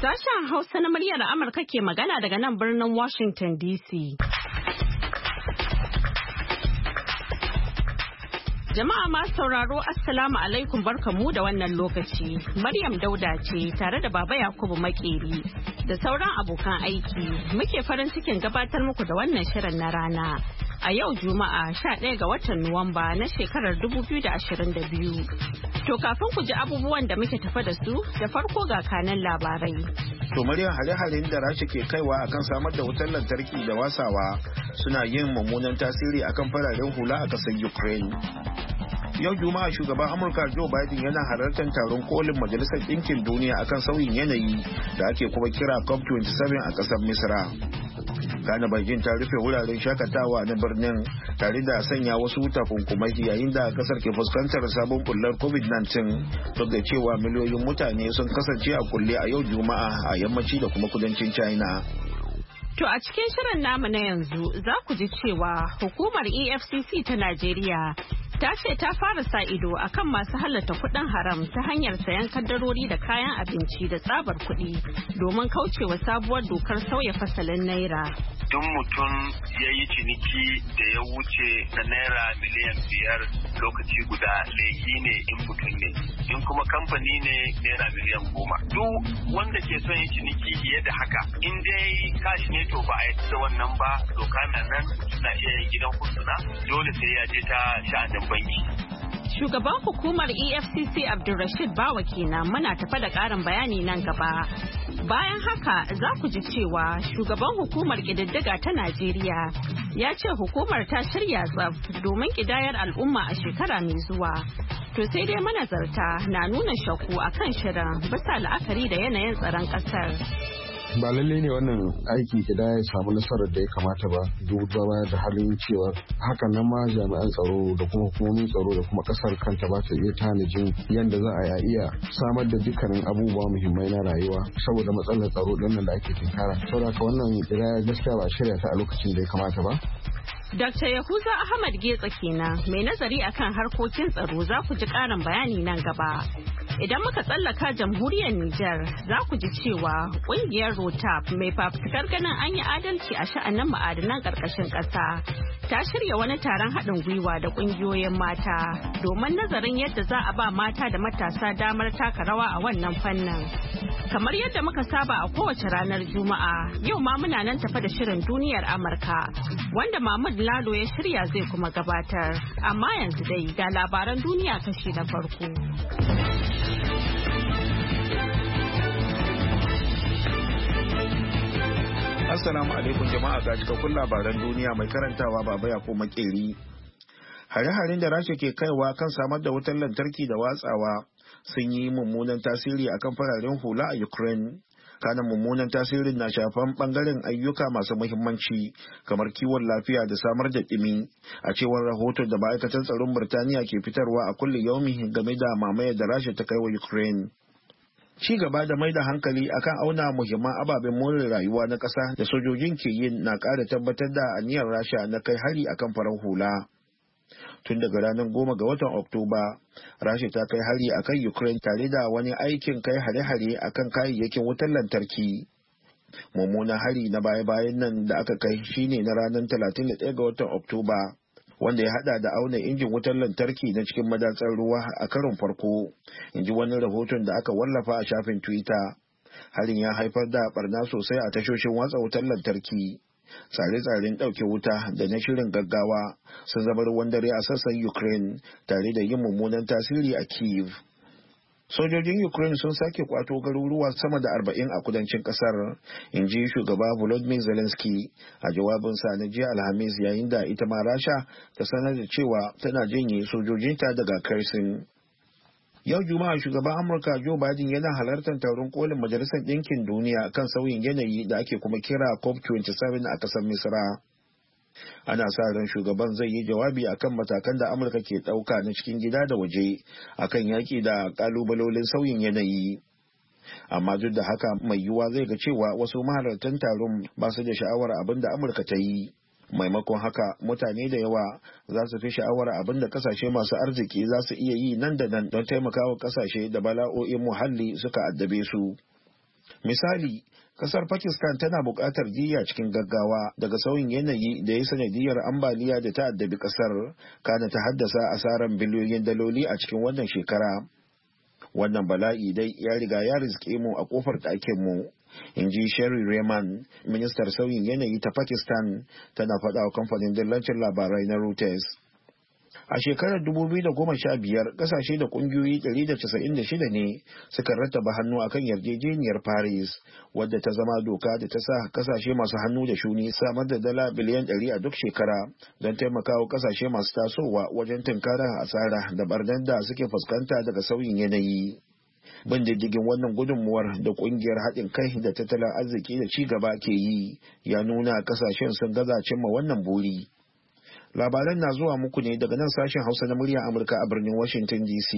Sashen Hausa na muryar Amurka ke magana daga nan birnin Washington DC. Jama'a ma sauraro Assalamu alaikum barkamu da wannan lokaci. Maryam Dauda ce tare da Baba Yakubu Makeri da sauran abokan aiki muke farin cikin gabatar muku da wannan shirin na rana. a yau Juma'a 11 ga watan Nuwamba na shekarar 2022. To kafin ku ji abubuwan da muke tafa da su da farko ga kanan labarai. To muryar hare da rashi ke kaiwa akan samar da wutar lantarki da wasawa suna yin mummunan tasiri akan fararen hula a kasar Ukraine. Yau Juma'a shugaban Amurka Joe Biden yana halartar taron kolin Majalisar Ɗinkin Duniya akan sauyin yanayi da ake kuma kira COP27 a ƙasar Misra. kana bakin ta rufe wuraren shakatawa na birnin tare da sanya wasu takunkumai yayin da kasar ke fuskantar sabon bullar covid-19 duk da cewa miliyoyin mutane sun kasance a kulle a yau juma'a a yammaci da kuma kudancin china To a cikin shirin namu na yanzu za ku ji cewa hukumar EFCC ta Najeriya ta ce ta fara sa ido akan masu halatta kudin haram ta hanyar sayan kadarori da kayan abinci da tsabar kudi domin kaucewa sabuwar dokar sauya fasalin naira. Duk mutum ya yi ciniki da ya wuce da naira miliyan biyar lokaci guda laifi ne in mutum ne in kuma kamfani ne naira miliyan goma. Duk wanda ke son yi ciniki fiye da haka in dai kashi ne ne eh, to ba a yi da wannan ba doka na nan suna iya yin gidan kursuna dole sai ya je ta sha'anin banki. Shugaban hukumar EFCC Abdulrashid Bawa kenan muna tafa da ƙarin bayani nan gaba. Bayan haka za ku ji cewa shugaban hukumar ƙididdiga ta Najeriya ya ce hukumar ta shirya tsaf domin ƙidayar al'umma a shekara mai zuwa. To sai dai manazarta na nuna shakku akan shirin bisa la'akari da yanayin tsaron ƙasar. ba lalle ne wannan aiki gida ya samu nasarar da ya kamata ba duk ba da halin cewa haka nan ma jami'an tsaro da kuma hukumomin tsaro da kuma kasar kanta ba ta iya tanajin yadda za a iya samar da dukkanin abubuwa muhimmai na rayuwa saboda matsalar tsaro nan da ake tinkara saboda wannan gida gaskiya ba shirya ta a lokacin da ya kamata ba Dr. Yahuza Ahmad Getsa kenan mai nazari akan harkokin tsaro za ku ji ƙarin bayani nan gaba. Idan muka tsallaka jamhuriyar Nijar za ku ji cewa kungiyar Rotap mai fafutukar ganin an yi adalci a sha'anin ma'adanan ƙarƙashin ƙasa ta shirya wani taron haɗin gwiwa da ƙungiyoyin mata domin nazarin yadda za a ba mata da matasa damar taka rawa a wannan fannin. Kamar yadda muka saba a kowace ranar Juma'a, yau ma muna nan tafa da shirin duniyar Amurka, wanda Mahmud Lado ya shirya zai kuma gabatar. Amma yanzu dai ga labaran duniya kashi na farko. Assalamu alaikum jama'a ga cikakkun labaran duniya mai karantawa baba ya ko makeri. Hare-haren da Rasha ke kaiwa kan samar da wutar lantarki da watsawa sun yi mummunan tasiri akan fararen hula a Ukraine. kanan mummunan tasirin na shafan bangaren ayyuka masu muhimmanci kamar kiwon lafiya da samar da ɗimi a cewar rahoton da ma'aikatan tsaron birtaniya ke fitarwa a kulle yaumi game da mamayar da rasha ta kai wa ukraine ci gaba da mai da hankali akan auna muhimman ababen more rayuwa na ƙasa da sojojin ke yin na ƙara tabbatar da aniyar rasha na kai hari akan farar hula tun daga ranar goma ga watan oktoba rasha ta kai hari a kan ukraine tare da wani aikin kai hare-hare a kan kayayyakin wutar lantarki mummunan hari na baya-bayan nan da aka kai shine na ranar 31 ga watan oktoba wanda ya hada da auna injin wutar lantarki na cikin madatsar ruwa a karon farko in ji wani rahoton da aka wallafa a shafin twitter harin ya haifar da barna sosai a tashoshin watsa wutar lantarki tsare-tsaren ɗauke wuta da na shirin gaggawa sun zama ruwan dare a sassan ukraine tare da yin mummunan tasiri a kiev sojojin ukraine sun sake kwato garuruwa sama da arba'in a kudancin kasar in ji shugaba volodymyr zelensky a jawabinsa na jiya alhamis yayin da ita ma rasha ta sanar da cewa tana janye sojojinta daga kersin Yau Juma'a shugaban Amurka Joe Biden yana halartar taron kolin Majalisar Dinkin Duniya kan sauyin yanayi da ake kuma kira COP27 a ƙasar Misra. Ana sa ran shugaban zai yi jawabi akan matakan da Amurka ke ɗauka na cikin gida da waje akan yaƙi da ƙalubalolin sauyin yanayi. Amma duk da haka mai yiwuwa zai ga cewa wasu mahalartan taron ba su da sha'awar abin da Amurka ta yi. maimakon haka mutane da yawa za su fi sha'awar abin da kasashe masu arziki za su iya yi nan da nan don taimakawa kasashe da bala'o'in muhalli suka addabe su misali kasar pakistan tana buƙatar jiya cikin gaggawa daga sauyin yanayi da ya sanadiyar ambaliya da ta addabi kasar kana ta haddasa asaran biliyoyin daloli a cikin wannan shekara wannan bala'i dai ya riga ya riske mu a kofar ɗakin mu in ji Sherry rayman ministar sauyin yanayi ta Pakistan tana faɗa wa kamfanin dillancin labarai na Reuters. A shekarar 2015 kasashe da kungiyoyi 196 ne suka rattaba hannu akan yarjejeniyar Paris wadda ta zama doka da ta sa kasashe masu hannu da shuni samar da dala biliyan 100 a duk shekara don taimakawa kasashe masu tasowa wajen tunkarar asara da barnar da suke fuskanta daga sauyin yanayi. bin diddigin wannan gudunmuwar da kungiyar haɗin kai da tattalin arziki da ci gaba ke yi ya nuna kasashen sun gaza cimma wannan buri labaran na zuwa muku ne daga nan sashen hausa na murya amurka a birnin washington dc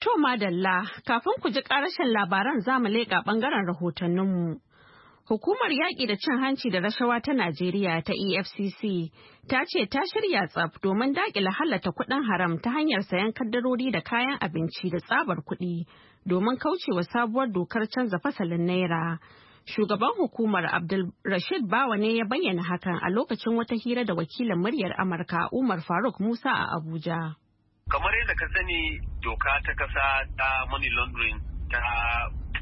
to madalla kafin ku ji karashin labaran za mu leƙa ɓangaren rahotanninmu. Hukumar yaƙi da cin hanci da rashawa ta Najeriya ta EFCC ta ce ta shirya tsaf domin daƙila halatta kuɗin haram ta hanyar sayan kaddarori da kayan abinci da tsabar kuɗi domin kaucewa sabuwar dokar canza fasalin naira. Shugaban hukumar Abdul Rashid Bawa ne ya bayyana hakan a lokacin wata hira da wakilin muryar Amurka Umar Faruk Musa a Abuja. Kamar yadda ka sani doka ta kasa ta money laundering ta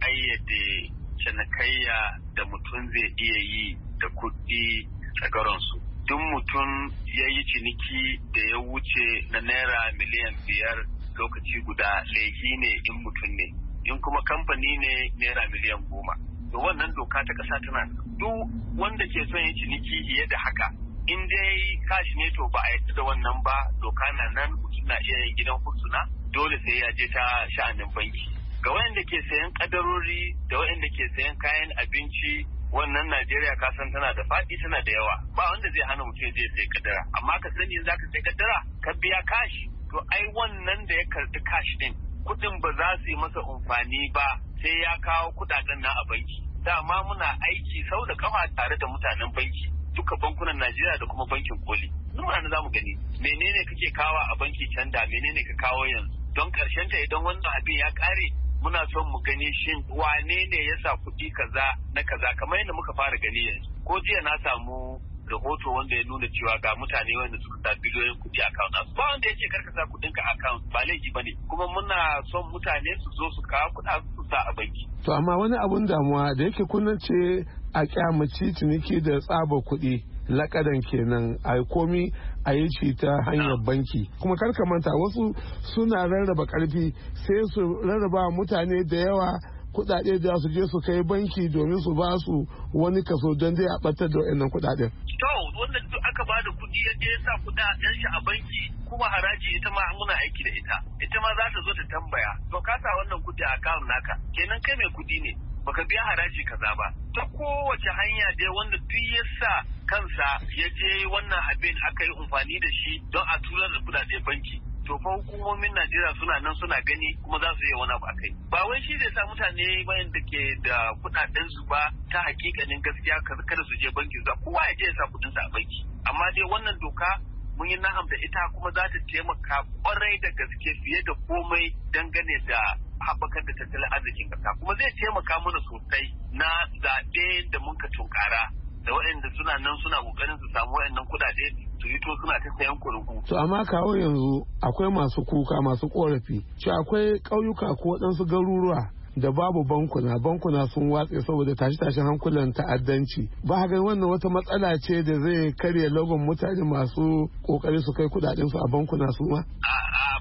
ƙayyade cinikayya da mutum zai iya yi da kuɗi a su Duk mutum ya yi ciniki da ya wuce na naira miliyan biyar lokaci guda laifi ne in mutum ne, in kuma kamfani ne naira miliyan goma. Da wannan doka ta ƙasa tana duk wanda ke son yi ciniki fiye da haka. In dai kashi ne to ba a yadda da wannan ba doka na nan mutum na iya yin gidan fursuna dole sai ya je ta sha'anin banki. ga wayanda ke sayan kadarori da wayanda ke sayan kayan abinci wannan Najeriya ka san tana da faɗi tana da yawa ba wanda zai hana mutum zai sai kadara amma ka sani za ka sai kadara ka biya kashi to ai wannan da ya karbi kashi din kuɗin ba za su yi masa amfani ba sai ya kawo kuɗaɗen na a banki dama muna aiki sau da kafa tare da mutanen banki duka bankunan Najeriya da kuma bankin koli nuna na zamu gani menene kake kawo a banki canda menene ka kawo yanzu don karshen ta idan wannan abin ya kare muna son mu gani shin wane ne ya sa kuɗi kaza na kaza kamar yadda muka fara gani yanzu ko jiya na samu rahoto wanda ya nuna cewa ga mutane wanda suka sa biliyoyin kuɗi a account nasu ba wanda ya yake karkasa kuɗin ka account ba laifi ba ne kuma muna son mutane su zo su kawo kuɗa su sa a banki to amma wani abun damuwa da yake kunnan ce a kyamaci ciniki da tsaba kuɗi lakadan kenan a komi a yi ci ta hanyar banki kuma karka manta wasu suna rarraba karfi sai su rarraba mutane da yawa kudade da su je su kai banki domin su ba su wani kaso don dai a batar da wayannan kudaden to wanda duk aka ba kudi ya sa kudaden shi a banki kuma haraji ita ma muna aiki da ita ita ma za ta zo ta tambaya to ka sa wannan kudi a kawun naka kenan kai mai kudi ne baka biya haraji kaza ba ta kowace hanya dai wanda duk ya sa kansa ya je wannan abin aka yi amfani da shi don a tura da kudade banki to fa hukumomin Najeriya suna nan suna gani kuma za su yi wani abu akai ba wai shi zai sa mutane bayan da ke da kudaden su ba ta hakikanin gaskiya kada su je banki za kowa ya je ya sa kudin sa a banki amma dai wannan doka mun yi na'am da ita kuma za ta taimaka kwarai da gaske fiye da komai dangane da haɓakar da tattalin arzikin ƙasa kuma zai taimaka mana sosai na zaɓe da mun ka tunkara da waɗanda suna nan suna kokarin su samu waɗannan kuɗaɗe su yi to suna ta sayan kurku. To amma kawo yanzu akwai masu kuka masu korafi. Ci akwai ƙauyuka ko waɗansu garuruwa da babu bankuna bankuna sun watse saboda tashe tashi hankulan ta'addanci ba ga wannan wata matsala ce da zai karya lagon mutane masu kokari su kai kudaden su a bankuna su ma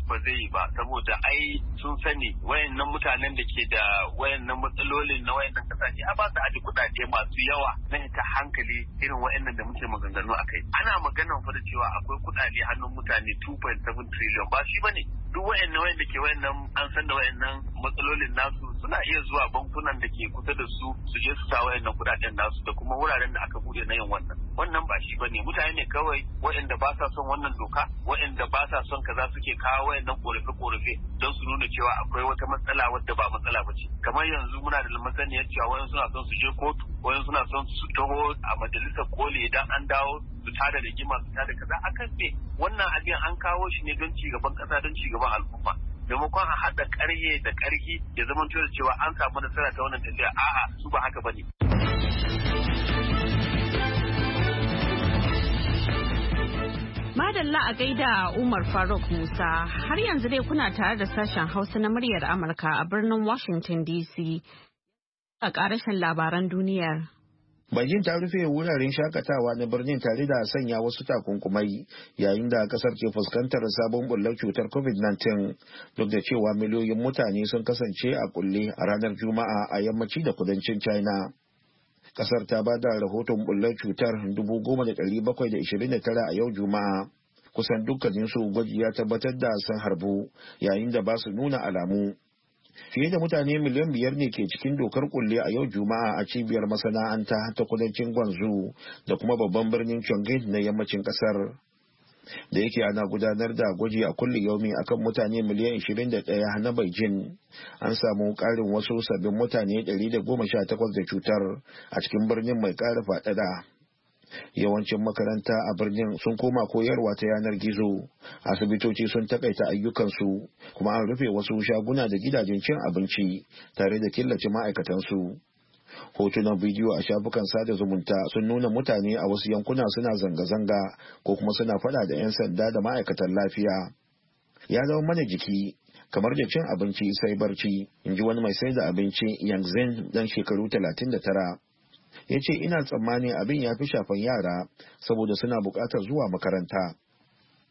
ba zai yi ba saboda ai sun sani wayannan mutanen da ke da wayannan matsalolin na wayannan kasashe a ba su aji kudade masu yawa na ta hankali irin wayannan da muke maganganu akai ana maganan fa da cewa akwai kudade hannun mutane 2.7 trillion ba shi bane duk wayannan wayanda ke wayannan an san da wayannan matsalolin nasu suna iya zuwa bankunan da ke kusa da su su je su sa wayannan kudaden nasu da kuma wuraren da aka bude na yin wannan wannan ba shi bane mutane ne kawai wayanda ba sa son wannan doka wayanda ba sa son kaza suke kawo wayannan korafe korafe don su nuna cewa akwai wata matsala wadda ba matsala ba ce kamar yanzu muna da masaniyar cewa wayan suna son su je kotu wayan suna son su taho a majalisar koli idan an dawo su tada rigima su tada kaza akan ne wannan abin an kawo shi ne don cigaban kasa don cigaban al'umma maimakon a haɗa ƙarye da ƙarfi ya zama da cewa an samu nasara ta wannan tafiya a'a su ba haka bane Madalla a gaida Umar Faruk Musa har yanzu dai kuna tare da sashen Hausa na muryar Amurka a birnin Washington DC a ƙarashin labaran duniyar. Beijing ta rufe wuraren shakatawa na birnin tare da sanya wasu takunkumai yayin da kasar ke fuskantar sabon bullar cutar COVID-19 duk da cewa miliyoyin mutane sun kasance a kulle a ranar Juma'a a yammaci da kudancin China. Kasar ta ba da rahoton bullar cutar 10,729 a yau Juma'a. Kusan dukkaninsu gwaji ya tabbatar da sun harbu yayin da ba su nuna alamu. fiye da mutane miliyan biyar ne ke cikin dokar kulle a yau juma'a a cibiyar masana'anta ta kudancin gwanzu da kuma babban birnin chongqing na yammacin kasar da yake ana gudanar da gwaji a kulli yaumi akan mutane miliyan 21 na Beijing an samu karin wasu sabbin mutane 118 da cutar a cikin birnin mai kara fadada yawancin makaranta a birnin sun koma koyarwa ta yanar gizo asibitoci sun takaita ayyukansu kuma an rufe wasu shaguna da gidajen cin abinci tare da killace ma'aikatansu hotunan bidiyo a shafukan sada zumunta sun nuna mutane a wasu yankuna suna zanga-zanga ko kuma suna fada da 'yan sanda da ma'aikatan lafiya ya zama mana jiki kamar da cin abinci sai barci in ji wani mai sai da abinci yanzu dan shekaru 39 ya ce ina tsammani abin ya fi shafan yara saboda suna buƙatar zuwa makaranta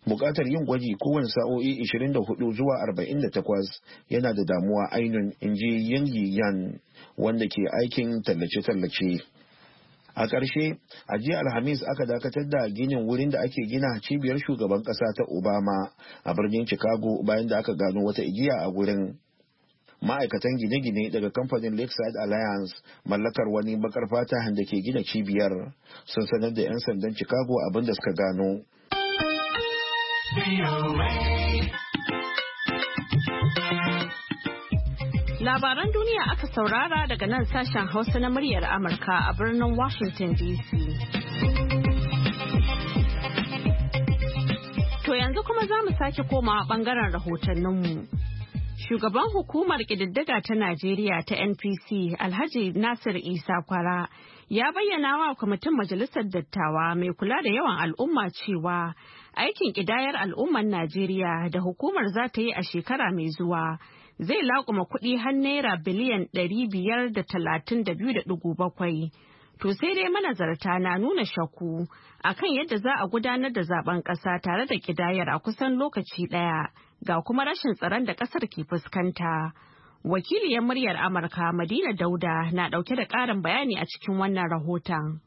buƙatar yin gwaji kowane sa'o'i 24 zuwa 48 yana da damuwa ainihin inji yangi yan wanda ke aikin tallace-tallace a ƙarshe a jiya alhamis aka dakatar da ginin wurin da ake gina cibiyar shugaban ƙasa ta obama a birnin chicago bayan da aka gano wata igiya a wurin ma'aikatan gine-gine daga kamfanin lakeside alliance mallakar wani bakar fata da ke gina cibiyar sun sanar da 'yan sandan chicago abin da suka gano labaran duniya aka saurara daga nan sashen hausa na muryar amurka a birnin washington dc to yanzu kuma za mu sake komawa bangaren rahotanninmu. mu Shugaban hukumar ƙididdiga ta Najeriya ta NPC Alhaji Nasir Isa Kwara ya bayyana wa kwamitin Majalisar Dattawa mai kula da yawan al'umma cewa aikin ƙidayar al'ummar Najeriya da hukumar za ta yi a shekara mai zuwa zai laƙuma kuɗi har naira biliyan 532.7. To sai dai manazarta na nuna shaku akan yadda za a gudanar da zaben ƙasa tare da ƙidayar a kusan lokaci ɗaya. ga kuma rashin tsaron da kasar ke fuskanta. Wakiliyar muryar Amurka Madina Dauda na ɗauke da ƙarin bayani a cikin wannan rahoton.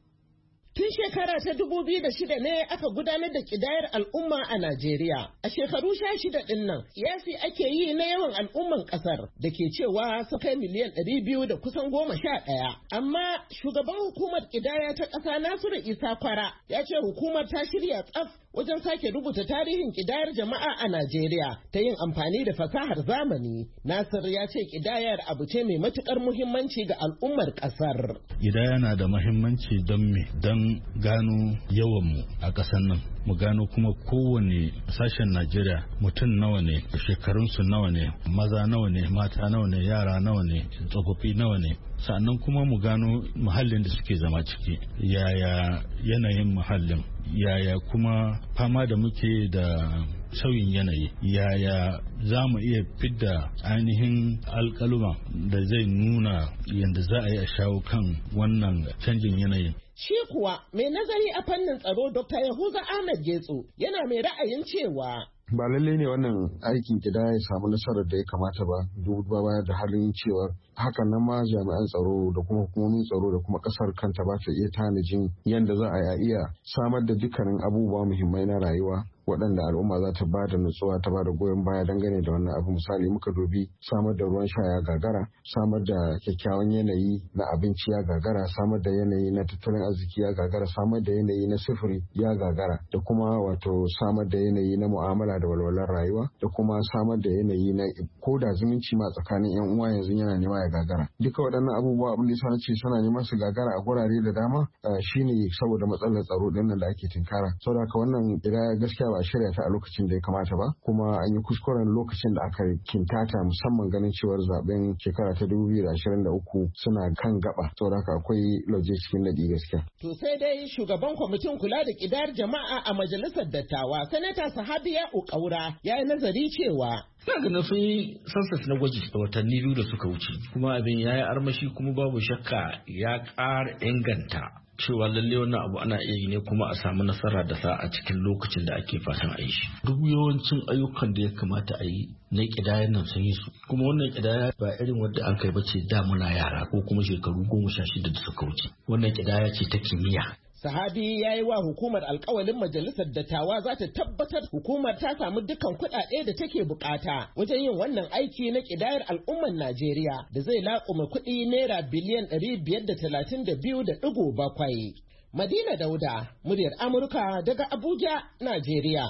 Tun shekara ta dubu biyu da shida ne aka gudanar da kidayar al'umma a Najeriya. A shekaru sha shida ɗin nan, yasi ake yi na yawan al'umman ƙasar da ke cewa su kai miliyan ɗari biyu da kusan goma sha ɗaya. Amma shugaban hukumar kidaya ta ƙasa Nasiru Isa Kwara ya ce hukumar ta shirya tsaf wajen sake rubuta tarihin kidayar jama'a a Najeriya ta yin amfani da fasahar zamani. Nasiru ya ce kidayar abu ce mai matuƙar muhimmanci ga al'ummar ƙasar. Kidaya na da muhimmanci don me? Don domin gano yawanmu a ƙasar nan mu gano kuma kowane sashen najeriya mutum nawa ne shekarunsu nawa ne maza nawa ne mata nawa ne yara nawa ne tsofaffi nawa ne sannan kuma mu gano muhallin da suke zama ciki yaya yanayin muhallin yaya kuma fama da muke da sauyin yanayi yaya za mu iya fidda ainihin alkaluma da zai nuna yadda za a yi a shawo kan wannan canjin yanayin Shi kuwa mai nazari a fannin tsaro Dr. Yahuza Ahmed Getso yana mai ra'ayin cewa ba lalle ne wannan aikin gida ya samu nasarar da ya kamata ba duk ba da halin cewa hakan nan ma jami'an tsaro da kuma hukumomin tsaro da kuma kasar kanta ba ta iya tanajin yadda za a iya samar da dukkanin abubuwa muhimmai na rayuwa waɗanda al'umma za ta ba da nutsuwa ta ba da goyon baya dangane da wannan abu misali muka dubi samar da ruwan sha ya gagara samar da kyakkyawan yanayi na abinci ya gagara samar da yanayi na tattalin arziki ya gagara samar da yanayi na sufuri ya gagara da kuma wato samar da yanayi na mu'amala da walwalar rayuwa da kuma samar da yanayi na ko da zumunci ma tsakanin yan uwa yanzu yana nema ya gagara duka waɗannan abubuwa abin da sana ce suna neman su gagara a gurare da dama eh, shine saboda matsalar tsaro ɗin da ake tinkara saboda haka wannan gaskiya ba a shirya ta a lokacin da ya kamata ba kuma an yi kuskuren lokacin da aka kintata musamman ganin cewar zaben shekara ta uku suna kan gaba to da akwai lauje cikin daɗi gaskiya. To sai dai shugaban kwamitin kula da kidar jama'a a majalisar dattawa sanata Sahabiya Ukaura ya yi nazari cewa Ina ganin sun yi sassas na gwaji da watanni biyu da suka wuce kuma abin ya yi armashi kuma babu shakka ya ƙara inganta cewa lalle wannan abu ana iya yi ne kuma a samu nasara da sa a cikin lokacin da ake fatan a yi shi duk yawancin ayyukan da ya kamata a yi na kidayen nan sun yi su kuma wannan kidaya ba irin wadda an kai bace da muna yara ko kuma shekaru goma sha shida da suka wuce wannan kidaya ce ta kimiyya Sahabi ya yi wa hukumar alkawalin majalisar dattawa za ta tabbatar hukumar ta samu dukkan kuɗaɗe da take bukata wajen yin wannan aiki na ƙidayar al'umman Najeriya da zai laƙuma kuɗi naira biliyan ɗari biyar da talatin da biyu da ɗigo bakwai. Madina Dauda, muryar Amurka daga Abuja, Najeriya.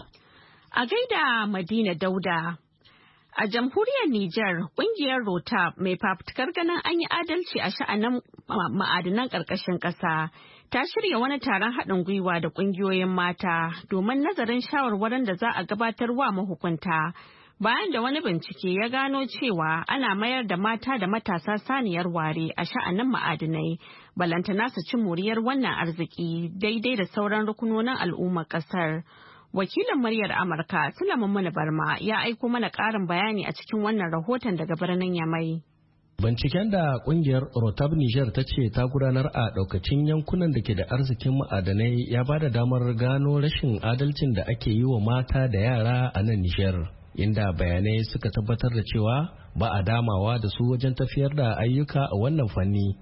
A gaida Madina Dauda. A jamhuriyar Nijar, kungiyar Rota mai fafutukar ganin an yi adalci a sha'anin ma'adanan ƙarƙashin ƙasa ta shirya wani taron haɗin gwiwa da ƙungiyoyin mata domin nazarin shawarwarin da za a gabatar wa mahukunta. Bayan da wani bincike ya gano cewa ana mayar da mata da matasa saniyar ware a sha'anin ma'adinai, balantana su ci moriyar wannan arziki daidai da sauran rukunonin al'ummar ƙasar. Wakilin muryar Amurka Sulaiman Mana Barma ya aiko mana ƙarin bayani a cikin wannan rahoton daga birnin Yamai. Binciken da kungiyar Rotab Niger ta ce ta gudanar a daukacin yankunan da ke da arzikin ma'adanai ya ba da damar gano rashin adalcin da ake yi wa mata da yara a nan Niger, inda bayanai suka tabbatar da cewa ba a damawa da su wajen tafiyar da ayyuka a wannan fanni.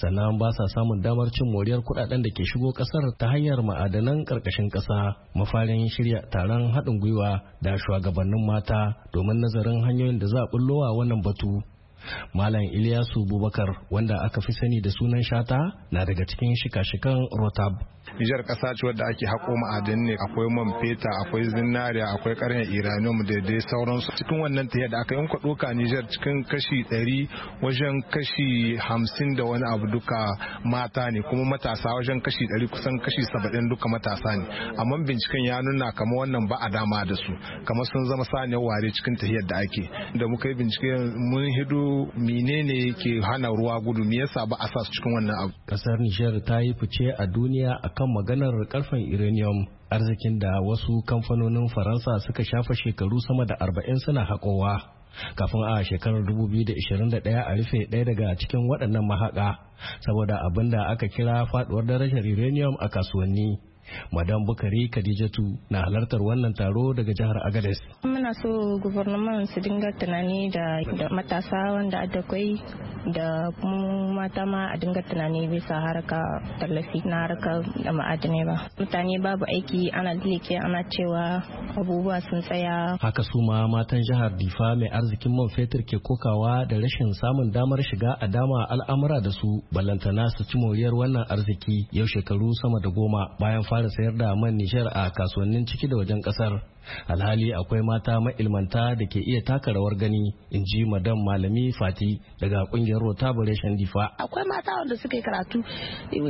sannan ba sa samun damar cin moriyar kudaden da ke shigo kasar ta hanyar ma'adanan karkashin kasa mafarin shirya taron haɗin gwiwa da shugabannin mata domin nazarin hanyoyin da za a bullowa wannan batu Malam Ilyasu Bubakar wanda aka fi sani da sunan Shata na daga cikin shika-shikan Rotab Nijar kasa ce wadda ake haƙo ma'adin ne akwai man feta akwai zinariya akwai ƙarin iranium da dai sauransu cikin wannan tahiyar da aka yi kwado ka Nijar cikin kashi ɗari wajen kashi hamsin da wani abu duka mata ne kuma matasa wajen kashi ɗari kusan kashi saba'in duka matasa ne amma binciken ya nuna kamar wannan ba a dama da su kamar sun zama sani ware cikin tahiyar da ake da muka yi bincike mun hidu menene ke hana ruwa gudu me yasa ba a sa su cikin wannan abu kasar Nijar ta yi fice a duniya a. kan maganar karfen uranium arzikin da wasu kamfanonin faransa suka shafa shekaru sama da arba'in suna haƙowa kafin a shekarar 2021 a rufe ɗaya daga cikin waɗannan mahaƙa saboda abin da aka kira faɗuwar darajar uranium a kasuwanni madam bukari khadijatu na halartar wannan taro daga jihar agades muna so gubernaman su dinga tunani da matasa wanda adakwai da kuma mata ma a dinga tunani bisa harka tallafi na harka da ma'adinai ba mutane babu aiki ana dilike ana cewa abubuwa sun tsaya haka su ma matan jihar difa mai arzikin man fetur ke kokawa da rashin samun damar shiga a dama al'amura da su ballantana su ci moriyar wannan arziki yau shekaru sama da goma bayan fara sayar da man Nijar a kasuwannin ciki da wajen kasar. alhali akwai mata ma'ilmanta da ke iya taka rawar gani in ji madam malami fati daga kungiyar rota difa akwai mata wanda suka yi karatu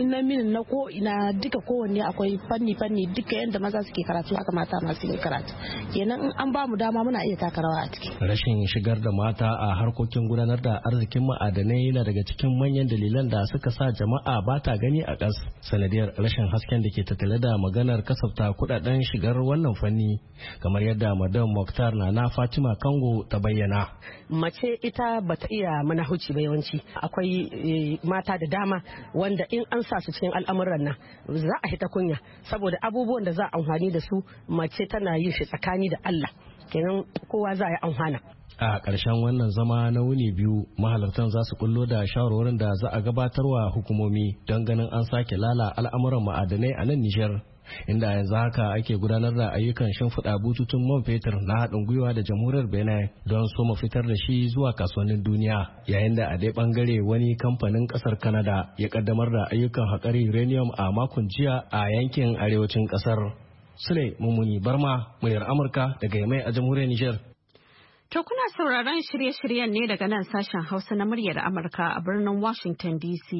na minin na ko ina duka kowanne akwai fanni fanni duka yadda maza suke karatu haka mata masu yi karatu kenan in an mu dama muna iya taka rawa a ciki rashin shigar da mata a harkokin gudanar da arzikin ma'adanai yana daga cikin manyan dalilan da suka sa jama'a ba ta gani a ƙas sanadiyar rashin hasken da ke tattale da maganar kasafta kudaden shigar wannan fanni kamar yadda madam Mokhtar na na Fatima Kango ta bayyana. Mace ita ba ta iya mana huci ba yawanci akwai eh, mata da dama wanda in an sa su cikin al'amuran nan za a hita kunya saboda abubuwan da za a amfani da su mace tana yin shi tsakani da Allah kenan kowa za a yi amfana. a ƙarshen wannan zama na wuni biyu mahalartan za su kullo da shawarwarin da za a gabatarwa hukumomi don ganin an sake lala al'amuran ma'adanai a nan Nijar. inda yanzu haka ake gudanar da ayyukan shimfiɗa bututun man fetur na haɗin gwiwa da jamhuriyar benin don so mu fitar da shi zuwa kasuwannin duniya yayin da a dai ɓangare wani kamfanin ƙasar canada ya ƙaddamar da ayyukan haƙar uranium a makon jiya a yankin arewacin ƙasar sule mummuni barma muryar amurka daga yamai a jamhuriyar niger To kuna sauraron shirye-shiryen ne daga nan sashen Hausa na muryar Amurka a birnin Washington DC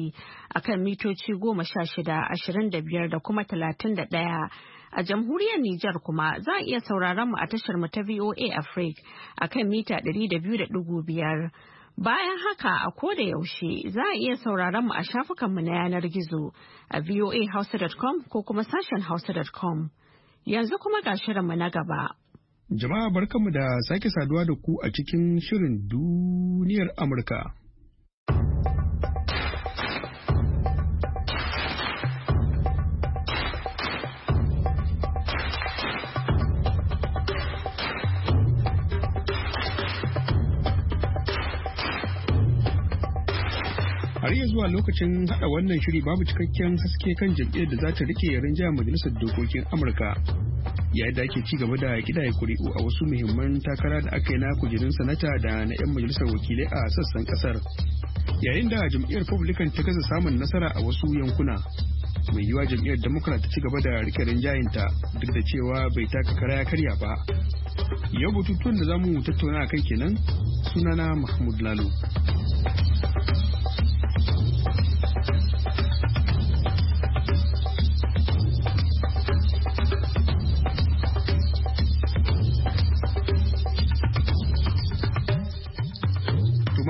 akan mitoci goma sha shida, ashirin da biyar da kuma talatin da ɗaya. A jamhuriyar Nijar kuma za a iya sauraron mu a tashar mu ta VOA Africa akan mita ɗari da biyu da ɗigo biyar. Bayan haka a ko da yaushe za a iya sauraron mu a shafukan mu na yanar gizo a voahausa.com ko kuma sashen hausa.com. Yanzu kuma ga shirinmu na gaba. Jama'a barkanmu da sake saduwa da ku a cikin shirin duniyar Amurka. har ya zuwa lokacin haɗa wannan shiri babu cikakken haske kan jam'iyyar da za ta rike jihar majalisar dokokin amurka yayin da ake ci gaba da kidaye kuri'u a wasu muhimman takara da aka yi na kujerun sanata da na 'yan majalisar wakilai a sassan kasar yayin da jam'iyyar republican ta gaza samun nasara a wasu yankuna mai yiwa jam'iyyar democrat ta ci gaba da rike rinjayenta duk da cewa bai taka kara ya karya ba yau bututun da zamu tattauna a kai kenan sunana mahmud lalo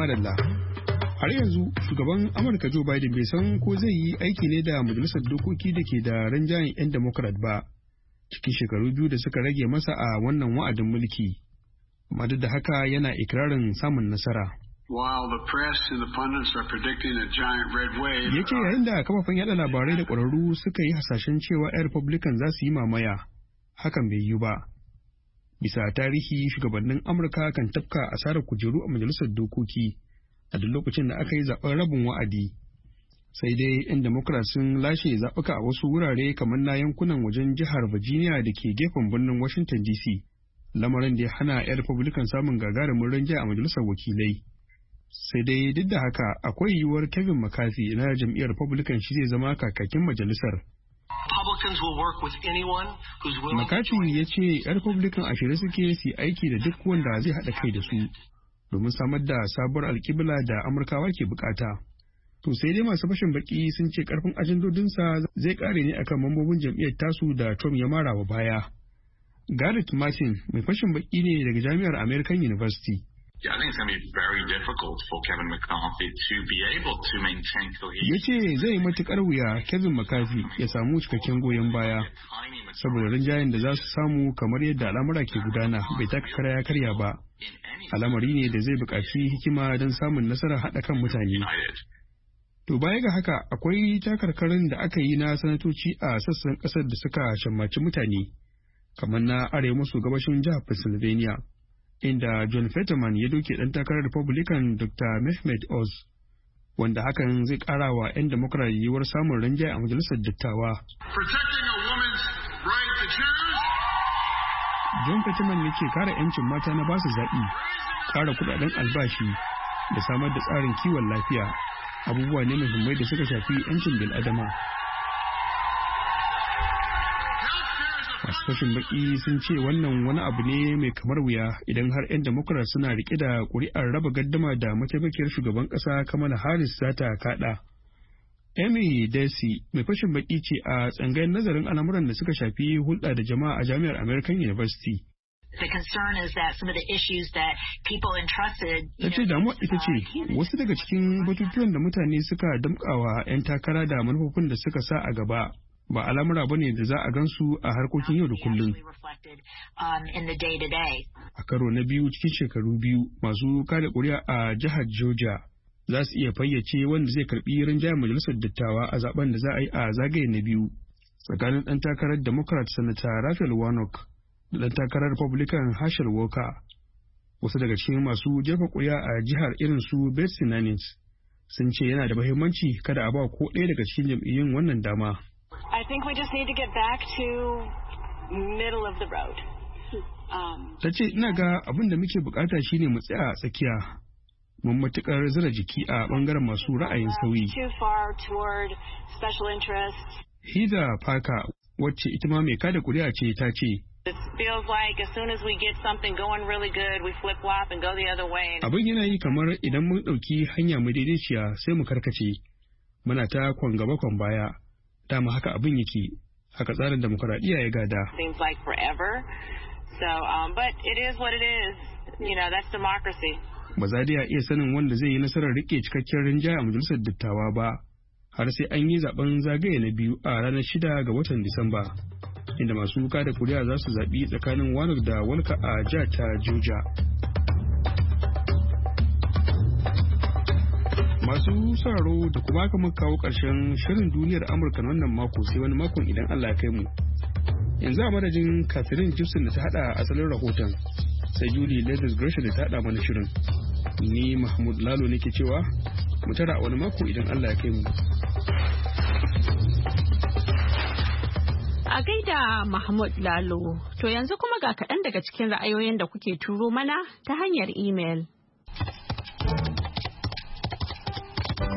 madalla. Har yanzu shugaban Amurka Joe Biden bai san ko zai yi aiki ne da majalisar dokoki da ke da ranjayen 'yan Democrat ba cikin shekaru biyu da suka rage masa a wannan wa'adin mulki. Amma da haka yana ikirarin samun nasara. Ya ce yayin da kafafen yada labarai da kwararru suka yi hasashen cewa 'yan Republican za su yi mamaya, hakan bai yi ba. bisa tarihi shugabannin amurka kan tafka asarar kujeru a majalisar dokoki a duk lokacin da aka yi zaben rabin wa'adi sai dai 'yan democrat sun lashe zaɓuka a wasu wurare kamar na yankunan wajen jihar virginia da ke gefen birnin washington dc lamarin da ya hana 'yan republican samun gagarumin ranja a majalisar wakilai sai dai duk da haka akwai yiwuwar kevin mccarthy na jam'iyyar republican shi zai zama kakakin majalisar Maka'cin ya ce 'yan Republican a suke su aiki da duk wanda zai haɗa kai da su domin samar da sabuwar alkibla da Amurkawa ke bukata. To sai dai masu fashin baki sun ce karfin ajandodinsa zai kare ne akan mambobin jam'iyyar tasu da Trump ya mara wa baya. Garrett Martin mai fashin baki ne daga Jami'ar American University. I think it's going to be very difficult for Kevin McCarthy to be able to maintain cohesion. Ya ce zai matukar wuya Kevin McCarthy ya samu cikakken goyon baya saboda rinjayen da za su samu kamar yadda al'amura ke gudana bai taka kara ya karya ba. Al'amari ne da zai buƙaci hikima don samun nasarar haɗa kan mutane. To baya ga haka akwai takarkarin da aka yi na sanatoci a sassan ƙasar da suka shammaci mutane, kamar na arewa maso gabashin jihar Pennsylvania. inda John Fetterman ya doke ɗan takarar Republican Dr. Mehmet Oz, wanda hakan zai ƙara wa 'yan Democrat yiwuwar samun rinjaye a majalisar dattawa. John Fetterman ya ke kare 'yancin mata na basu zaɓi, ƙara kuɗaɗen albashi da samar da tsarin kiwon lafiya abubuwa ne muhimmai da suka shafi 'yancin bil'adama. masu fashin baki sun ce wannan wani abu ne mai kamar wuya idan har 'yan demokrat suna rike da kuri'ar raba gaddama da mataimakiyar shugaban kasa kamala harris za ta kada amy desi mai fashin baki ce a tsangayin nazarin al'amuran da suka shafi hulɗa da jama'a a jami'ar american university The concern is the issues that people entrusted. Ta ce damuwa ita ce wasu daga cikin batutuwan da mutane suka damƙawa 'yan takara da manufofin da suka sa a gaba ba al'amura ba ne da za a gansu a harkokin yau da kullum. Um, a karo na biyu cikin shekaru biyu masu kare kuri'a a jihar Georgia za su iya fayyace wanda zai karɓi rinjayen majalisar dattawa a zaben da za a yi a zagaye na biyu tsakanin ɗan takarar Democrat Sanata Raphael Warnock da ɗan takarar Republican Herschel Walker. Wasu daga cikin masu jefa ƙuri'a a jihar irin su Betsy Nanis sun ce yana da muhimmanci kada a ba ko ɗaya daga cikin jam'iyyun wannan dama. get um, Ta ce ina ga abin da muke bukata shine mu tsaya a tsakiya mun matukar zira jiki a bangaren masu ra'ayin sauyi. Hida Parker wacce ita ma mai kada kuri'a ce ta ce Abin yana yi kamar idan mun ɗauki hanya madaidaiciya sai mu karkace, muna ta kwan gaba kwan baya. dama haka abin yake haka tsarin demokuraɗiyya ya gada. Um, ba za da iya sanin wanda zai yi nasarar rike cikakken rinjaye a majalisar dattawa ba, har sai an yi zaben zagaye na biyu a ranar shida ga watan Disamba, inda masu wuka da kuri'a za su zaɓi tsakanin Warnock da walka a jihar ta Juja. Masu sauraro da kuma aka muka kawo ƙarshen shirin duniyar Amurka na wannan mako sai wani makon idan Allah ya kai mu. Yanzu a madajin Catherine Gibson da ta hada asalin rahoton sai Julie Leathers Gresham da ta hada mana shirin. Ni Mahmud Lalo ke cewa mu tara wani mako idan Allah ya kai mu. A gaida Mahmud Lalo, to yanzu kuma ga kaɗan daga cikin ra'ayoyin da kuke turo mana ta hanyar imel.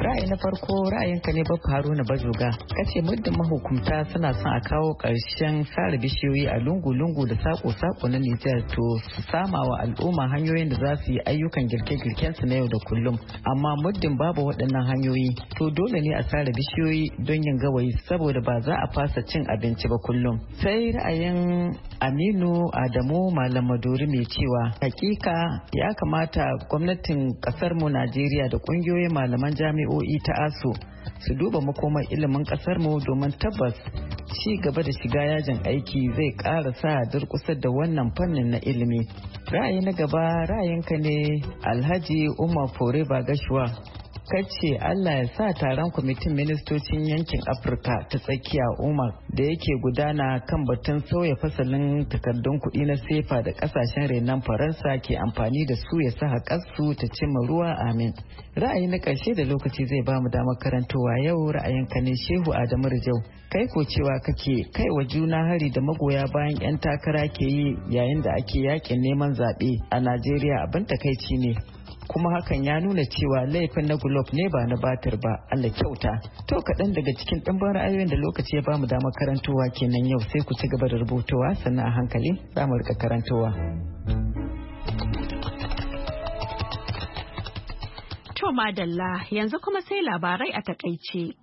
ra'ayi na farko ra'ayinka ne bafa haruna bajoga kace muddin mahukunta suna son a kawo ƙarshen sare bishiyoyi a lungu-lungu da sako-sako na nijar to su sama wa al'umma hanyoyin da za su yi ayyukan girke-girken su na yau da kullum amma muddin babu waɗannan hanyoyi to dole ne a sare bishiyoyi don yin gawayi saboda ba za a fasa cin abinci ba kullum sai ra'ayin aminu adamu malam maduri mai cewa hakika ya kamata gwamnatin ƙasarmu najeriya da ƙungiyoyin malaman jami'a jami'o'i ta aso su duba makomar ilimin mu domin tabbas ci gaba da shiga yajin aiki zai ƙara sa durƙusar da wannan fannin na ilimi ra'ayi na gaba ra'ayinka ne alhaji umar fore gashuwa kace Allah ya sa taron kwamitin ministocin yankin Afirka ta tsakiya Umar da yake gudana kan batun sauya fasalin takardun kuɗi na sefa da ƙasashen renon Faransa ke amfani da su ya sa ƙasu ta cimma ruwa amin. Ra'ayi na ƙarshe da lokaci zai ba mu damar karantowa yau ra'ayin ka ne Shehu Adamu Rijau. Kai ko cewa kake kai wa juna hari da magoya bayan 'yan takara ke yi yayin da ake yakin neman zaɓe a Najeriya abin takaici ne. kuma hakan ya nuna cewa laifin na gulob ne ba na batar ba allah kyauta to kaɗan daga cikin ɗan ra'ayoyin da lokaci ya bamu damar karantowa kenan yau sai ku ci gaba da rubutuwa sannan a hankali za mu rika karantowa. To madalla yanzu kuma sai labarai a takaice.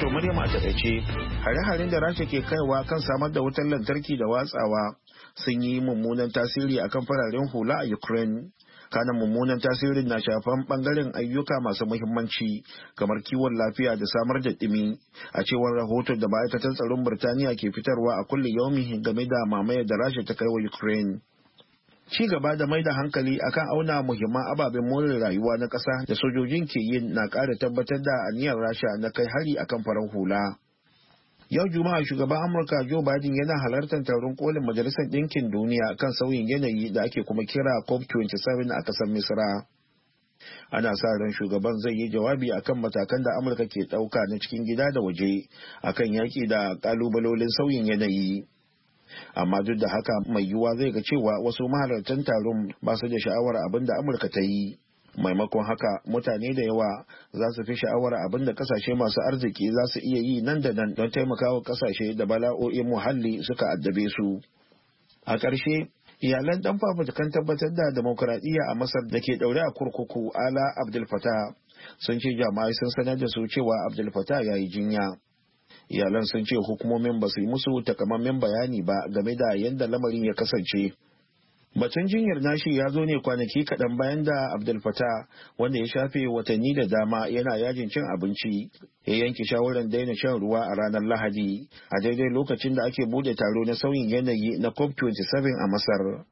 To Maryam a takaice hare-haren da rasha ke kaiwa kan samar da wutar lantarki da watsawa sun yi mummunan tasiri akan fararen hula a ukraine kanan mummunan tasirin na shafan bangaren ayyuka masu muhimmanci kamar kiwon lafiya da samar da dimi a cewar rahoton da ma'aikatan tsaron birtaniya ke fitarwa a kulle yaumi game da mamayar da rasha ta kai wa ukraine ci gaba da mai da hankali akan auna muhimman ababen more rayuwa na ƙasa da sojojin ke yin na ƙara tabbatar da aniyar rasha na kai hari akan faran hula Yau Juma'a shugaban Amurka Joe Biden yana halartar taron kolin Majalisar Ɗinkin Duniya kan sauyin yanayi da ake kuma kira COP27 a ƙasar Misra. Ana sa ran shugaban zai yi jawabi akan matakan da Amurka ke ɗauka na cikin gida da waje akan yaƙi da ƙalubalolin sauyin yanayi. Amma duk da haka mai yiwuwa zai ga cewa wasu mahalartan taron ba su da sha'awar abin da Amurka ta yi. maimakon haka mutane da yawa za su fi sha'awar abinda da kasashe masu arziki za su iya yi nan da nan don taimakawa kasashe da bala'o'in muhalli suka addabe su a ƙarshe iyalan dan kan tabbatar da demokuraɗiyya a masar da ke ɗaure a kurkuku ala abdul fatah sun ce jami'ai sun sanar da su cewa abdul fatah ya yi jinya iyalan sun ce hukumomin ba su yi musu takamammen bayani ba game da yadda lamarin ya kasance Batun jinyar nashi ya zo ne kwanaki kaɗan bayan da Abdul Fattah wanda ya shafe watanni da dama yana yajin cin abinci ya yanke shawarar daina shan ruwa a ranar Lahadi a daidai lokacin da ake bude taro na sauyin yanayi na COP27 a Masar.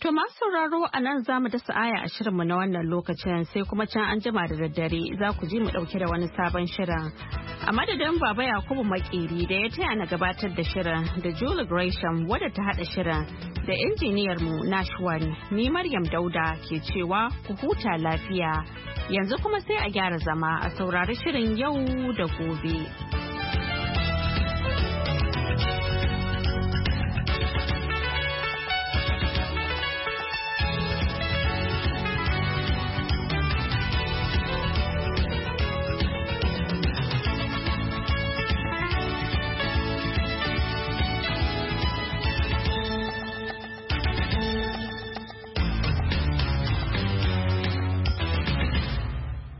To masu sauraro a nan za mu dasa aya a shirinmu na wannan lokacin sai kuma can an jima da daddare za ku ji mu ɗauke da wani sabon shirin. A madadin Baba Yakubu Makeri da ya taya na gabatar da shirin da Julie Gresham wadda ta haɗa shirin da injiniyar mu Nashwan ni Maryam Dauda ke cewa ku huta lafiya. Yanzu kuma sai a gyara zama a saurari shirin yau da gobe.